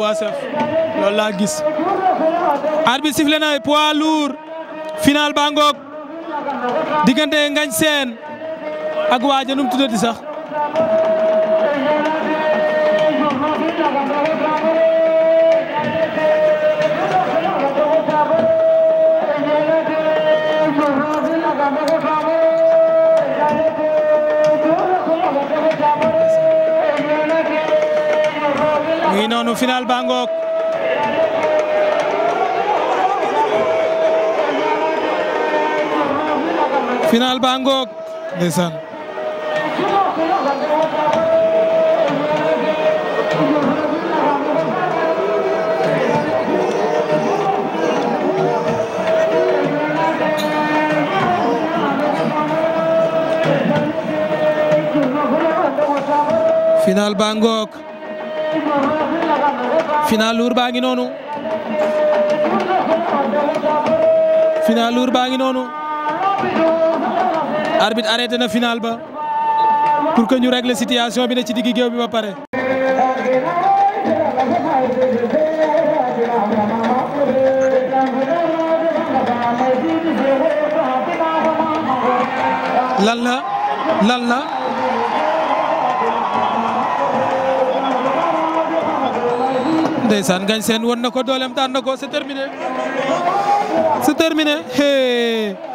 poids chef loolu laa gis. arbitre sifflé na poids lourd final ba ngoog diggante Ngagne Sène ak waaja num tuddati noonu final baa ngoog final baa ngoog ndeysaan final baa final luur baa ngi noonu final luur baa ngi noonu arbitre na final ba pour que ñu régler situation bi ne ci diggi géew bi ba pare lan la lan la ndeysaan Ngagne Sène won na ko dooleem daan na ko c'est terminé c'est terminé